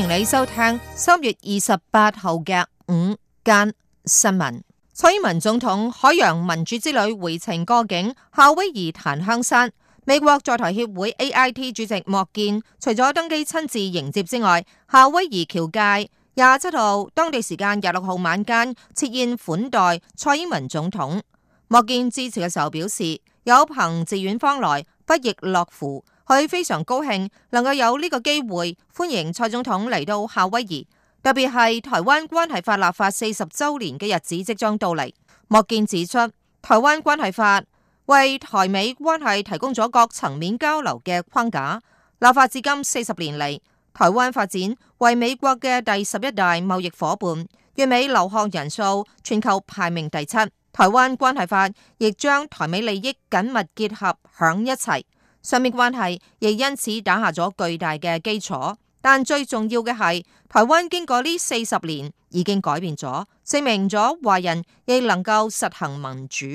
歡迎你收聽三月二十八號嘅午間新聞。蔡英文總統海洋民主之旅回程過境夏威夷檀香山，美國在台協會 AIT 主席莫健除咗登機親自迎接之外，夏威夷僑界廿七號當地時間廿六號晚間設宴款待蔡英文總統。莫健致辭嘅時候表示：有朋自遠方來，不亦樂乎。佢非常高興能夠有呢個機會歡迎蔡總統嚟到夏威夷，特別係台灣關係法立法四十周年嘅日子即將到嚟。莫健指出，台灣關係法為台美關係提供咗各層面交流嘅框架。立法至今四十年嚟，台灣發展為美國嘅第十一大貿易夥伴，越美留學人數全球排名第七。台灣關係法亦將台美利益緊密結合響一齊。雙邊關係亦因此打下咗巨大嘅基礎，但最重要嘅係台灣經過呢四十年已經改變咗，證明咗華人亦能夠實行民主。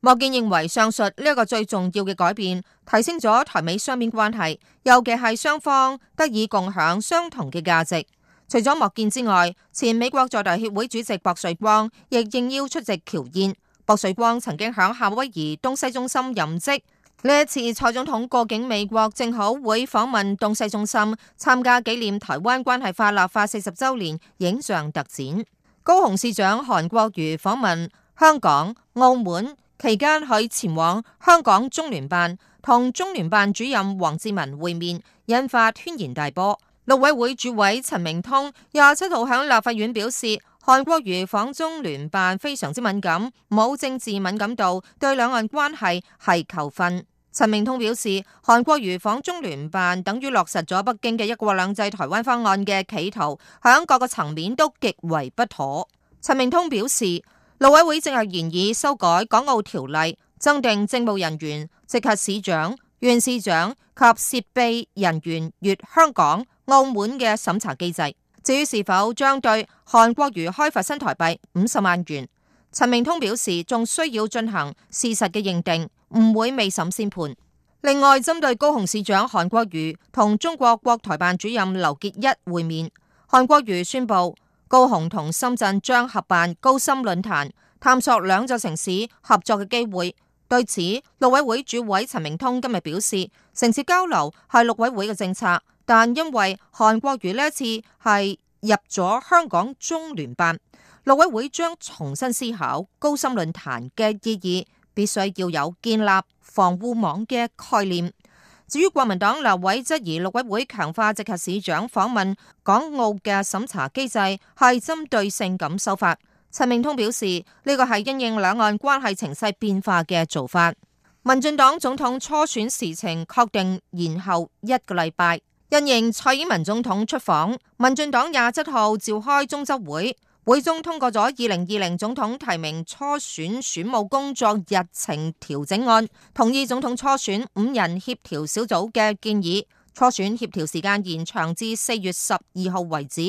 莫健認為上述呢一個最重要嘅改變，提升咗台美雙邊關係，尤其係雙方得以共享相同嘅價值。除咗莫健之外，前美國在台協會主席薄瑞光亦應邀出席僑宴。薄瑞光曾經響夏威夷東西中心任職。呢一次蔡總統過境美國，正好會訪問東西中心，參加紀念台灣關係法立法四十週年影像特展。高雄市長韓國瑜訪問香港、澳門期間，佢前往香港中聯辦同中聯辦主任黃志文會面，引發軒然大波。陸委會主委陳明通廿七號響立法院表示，韓國瑜訪中聯辦非常之敏感，冇政治敏感度，對兩岸關係係扣分。陳明通表示，韓國瑜訪中聯辦等於落實咗北京嘅一國兩制台灣方案嘅企圖，響各個層面都極為不妥。陳明通表示，陸委會正係研議修改《港澳條例》，增訂政務人員、直轄市長、縣市長及涉密人員越香港、澳門嘅審查機制。至於是否將對韓國瑜開罰新台幣五十萬元，陳明通表示仲需要進行事實嘅認定。唔會未審先判。另外，針對高雄市長韓國瑜同中國國台辦主任劉結一會面，韓國瑜宣佈高雄同深圳將合辦高深論壇，探索兩座城市合作嘅機會。對此，陸委會主委陳明通今日表示，城市交流係陸委會嘅政策，但因為韓國瑜呢一次係入咗香港中聯辦，陸委會將重新思考高深論壇嘅意義。必須要有建立防護網嘅概念。至於國民黨立委質疑陸委會強化直轄市長訪問港澳嘅審查機制係針對性咁修法，陳明通表示呢個係因應兩岸關係情勢變化嘅做法。民進黨總統初選時程確定延後一個禮拜，因應蔡英文總統出訪，民進黨廿七號召開中執會。會中通過咗二零二零總統提名初選選務工作日程調整案，同意總統初選五人協調小組嘅建議，初選協調時間延長至四月十二號為止，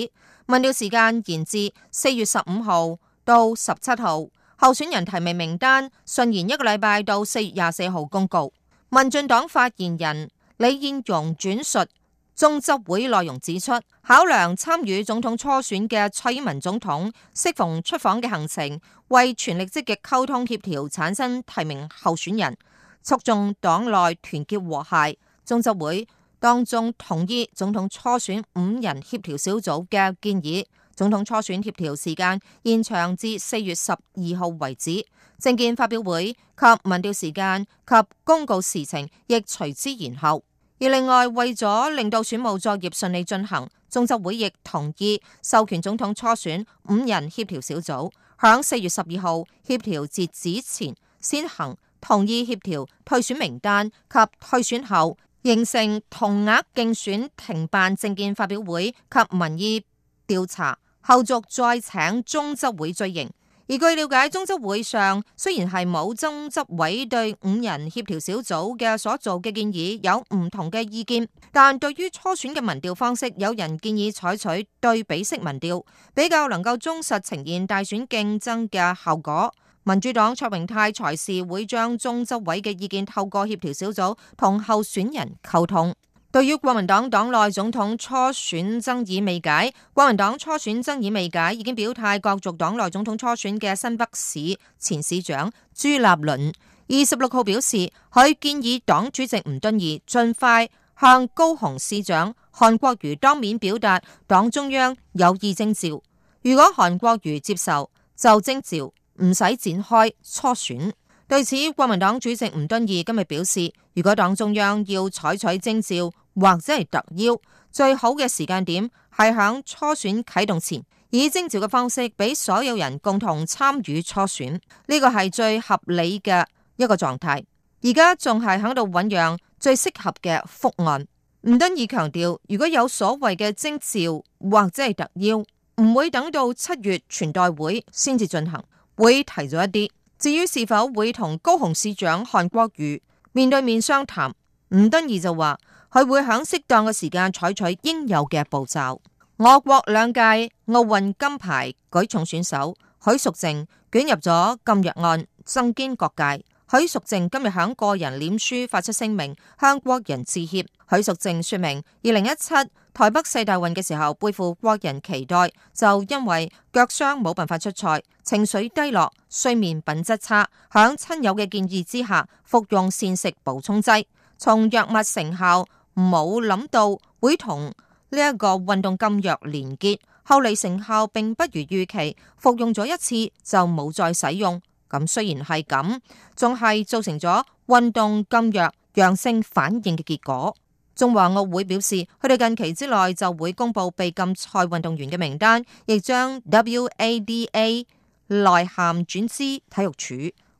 民調時間延至四月十五號到十七號，候選人提名名單順延一個禮拜到四月廿四號公告。民進黨發言人李晏榕轉述。中執會內容指出，考量參與總統初選嘅蔡英文總統適逢出訪嘅行程，為全力積極溝通協調產生提名候選人，促進黨內團結和諧，中執會當中同意總統初選五人協調小組嘅建議。總統初選協調時間延長至四月十二號為止，政見發表會及民調時間及公告時程亦隨之延後。而另外為咗令到選務作業順利進行，中執會亦同意授權總統初選五人協調小組，響四月十二號協調截止前先行同意協調退選名單及退選後形成同額競選停辦政見發表會及民意調查，後續再請中執會追認。而據了解，中執會上雖然係冇中執委對五人協調小組嘅所做嘅建議有唔同嘅意見，但對於初選嘅民調方式，有人建議採取對比式民調，比較能夠忠實呈現大選競爭嘅效果。民主黨卓榮泰財是會將中執委嘅意見透過協調小組同候選人溝通。對於國民黨黨內總統初選爭議未解，國民黨初選爭議未解已經表態。角逐黨內總統初選嘅新北市前市長朱立倫二十六號表示，佢建議黨主席吳敦義盡快向高雄市長韓國瑜當面表達黨中央有意徵召，如果韓國瑜接受就徵召，唔使展開初選。對此，國民黨主席吳敦義今日表示，如果黨中央要採取徵召或者係特邀，最好嘅時間點係響初選啟動前，以徵召嘅方式俾所有人共同參與初選，呢個係最合理嘅一個狀態。而家仲係響度醞釀最適合嘅方案。吳敦義強調，如果有所謂嘅徵召或者係特邀，唔會等到七月全代會先至進行，會提早一啲。至於是否會同高雄市長韓國瑜面對面相談？吳敦義就話佢會喺適當嘅時間採取應有嘅步驟。我國兩屆奧運金牌舉重選手許淑淨捲入咗禁藥案，震驚各界。許淑淨今日喺個人臉書發出聲明，向國人致歉。許淑淨說明二零一七。台北四大運嘅時候，背負國人期待，就因為腳傷冇辦法出賽，情緒低落，睡眠品質差。響親友嘅建議之下，服用膳食補充劑。從藥物成效冇諗到會同呢一個運動禁藥連結，後嚟成效並不如預期，服用咗一次就冇再使用。咁雖然係咁，仲係造成咗運動禁藥陽性反應嘅結果。中華奧會表示，佢哋近期之內就會公布被禁賽運動員嘅名單，亦將 WADA 內涵轉知體育署、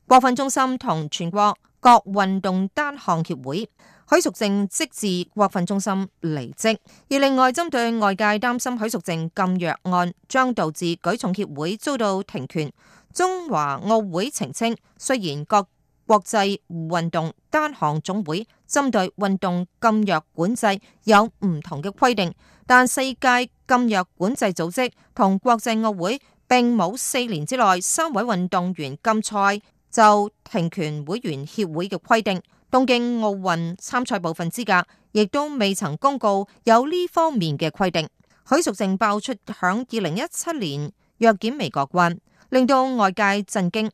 國訓中心同全國各運動單項協會。許淑淨即自國訓中心離職。而另外，針對外界擔心許淑淨禁藥案將導致舉重協會遭到停權，中華奧會澄清，雖然各國際運動單項總會針對運動禁藥管制有唔同嘅規定，但世界禁藥管制組織同國際奧會並冇四年之內三位運動員禁賽就停權會員協會嘅規定。東京奧運參賽部分資格亦都未曾公告有呢方面嘅規定。許淑淨爆出響二零一七年藥檢未過關，令到外界震驚。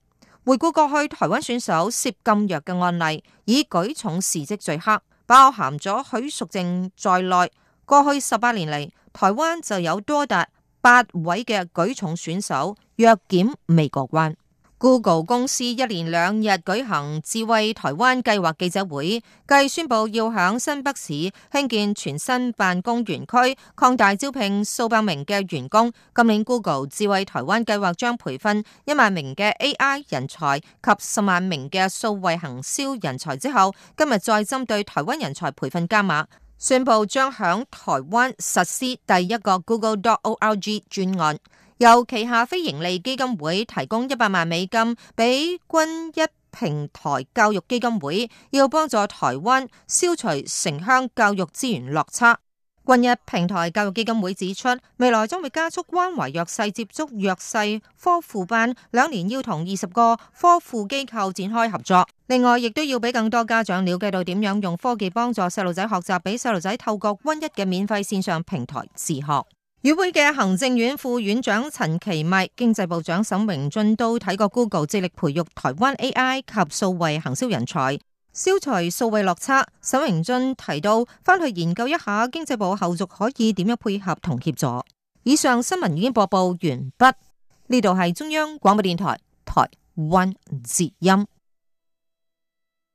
回顧過去，台灣選手涉禁藥嘅案例，以舉重事蹟最黑，包含咗許淑淨在內。過去十八年嚟，台灣就有多達八位嘅舉重選手藥檢未過關。Google 公司一連兩日舉行智慧台灣計劃記者會，繼宣布要響新北市興建全新辦公園區，擴大招聘數百名嘅員工。今年 Google 智慧台灣計劃將培訓一萬名嘅 AI 人才及十萬名嘅數位行銷人才之後，今日再針對台灣人才培訓加碼，宣布將響台灣實施第一個 Google.org 專案。由旗下非盈利基金會提供一百萬美金俾均一平台教育基金會，要幫助台灣消除城鄉教育資源落差。均一平台教育基金會指出，未來將會加速關懷弱勢，接觸弱勢科輔班，兩年要同二十個科輔機構展開合作。另外，亦都要俾更多家長了解到點樣用科技幫助細路仔學習，俾細路仔透過均一嘅免費線上平台自學。與會嘅行政院副院長陳其邁、經濟部長沈榮津都睇過 Google，致力培育台灣 AI 及數位行銷人才，消除數位落差。沈榮津提到，翻去研究一下經濟部後續可以點樣配合同協助。以上新聞已經播報完畢，呢度係中央廣播電台台灣節音。